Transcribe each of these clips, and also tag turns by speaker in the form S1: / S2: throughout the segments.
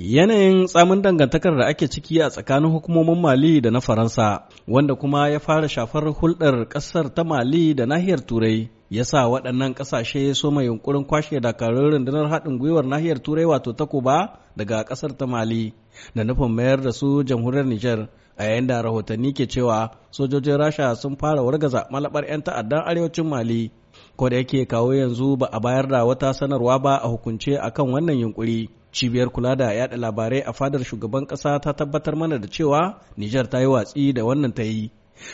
S1: Yanayin tsamin dangantakar da ake ciki a tsakanin hukumomin Mali da na Faransa, wanda kuma ya fara shafar hulɗar ƙasar ta Mali da nahiyar Turai, ya sa waɗannan ƙasashe so mai yunkurin kwashe dakarun rundunar haɗin gwiwar nahiyar Turai wato takuba daga ƙasar ta Mali, da nufin mayar da su jamhuriyar Nijar, a yayin da rahotanni ke cewa sojojin Rasha sun fara wargaza malabar 'yan ta'addan arewacin Mali. Ko da yake kawo yanzu ba a bayar da wata sanarwa ba a hukunce akan wannan yunkuri. cibiyar kula da yada labarai a fadar shugaban ƙasa ta tabbatar mana da cewa nijar ta yi watsi da wannan ta yi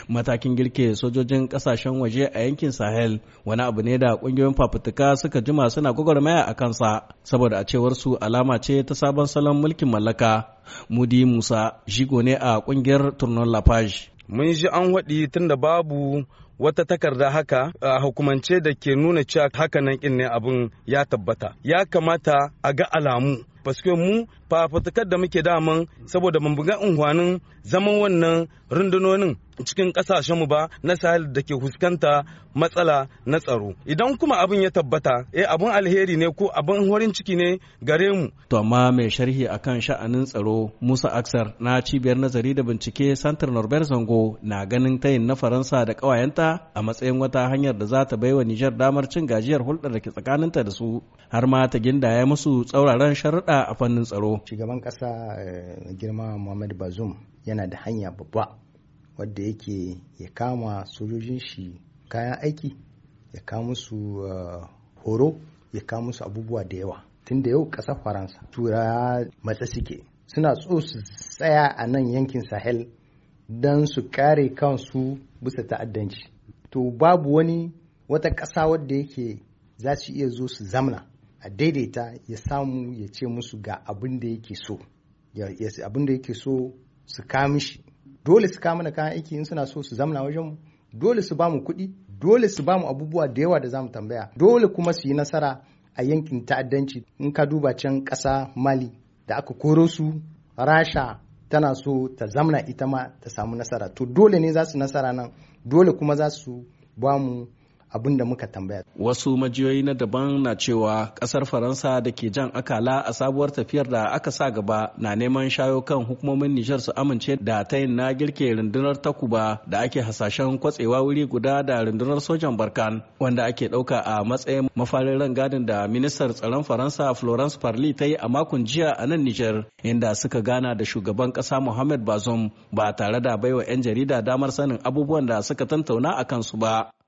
S1: matakin girke sojojin ƙasashen waje a yankin sahel wani abu ne da ƙungiyoyin fafutuka suka jima suna gwagwarmaya a kansa saboda a cewar su alama ce ta sabon salon mulkin mallaka mudi musa shigo ne a ƙungiyar turnon lafage
S2: mun ji an waɗi tunda babu wata takarda haka a hukumance da ke nuna cewa hakanan kin ne abin ya tabbata ya kamata a ga alamu paske mu fafatakar da muke daman saboda mun buga unhwanin zaman wannan rundunonin cikin kasashen mu ba na sahel da ke fuskanta matsala na tsaro idan kuma abin ya tabbata eh abin alheri ne ko abin horin ciki ne gare mu to amma mai sharhi
S1: akan sha'anin tsaro Musa Aksar na cibiyar nazari da bincike Santar Norbert Zango na ganin tayin na Faransa da kawayenta a matsayin wata hanyar da za ta baiwa Nijar damar cin gajiyar hulɗar da ke tsakaninta da su har ma ta gindaya musu tsauraran sharuɗa a fannin tsaro.
S3: Shugaban ƙasa eh, girma Muhammad Bazoum yana da hanya babba wadda yake ya kama sojojin shi kayan aiki ya kama musu eh, horo ya kama musu abubuwa da yawa tun da yau ƙasa Faransa tura matsa suke suna so su tsaya a nan yankin Sahel don su kare kansu bisa ta'addanci to babu wani wata ƙasa wadda yake za su iya zo su zamna a daidaita ya samu ya ce musu ga abin da yake so abin yake so su kama shi dole su kama na kayan aiki in suna so su zamna wajen dole su bamu kuɗi dole su bamu abubuwa da yawa da za mu tambaya dole kuma su yi nasara a yankin ta'addanci in ka duba can ƙasa mali da aka koro su rasha tana so ta zamna ita ma ta samu nasara to dole ne za su nasara nan dole kuma za su ba mu abin da muka tambaya.
S1: Wasu majiyoyi na daban na cewa kasar Faransa da ke jan akala a sabuwar tafiyar da aka sa gaba na neman shayo kan hukumomin Nijar su amince da ta yin na girke rundunar takuba da ake hasashen kwatsewa wuri guda da rundunar sojan Barkan wanda ake ɗauka a matsayin mafarin gadin da ministar tsaron Faransa Florence Parly ta yi a makon jiya a nan Nijar inda suka gana da shugaban ƙasa Mohamed Bazoum ba tare da baiwa 'yan jarida damar sanin abubuwan da suka tantauna a kansu ba.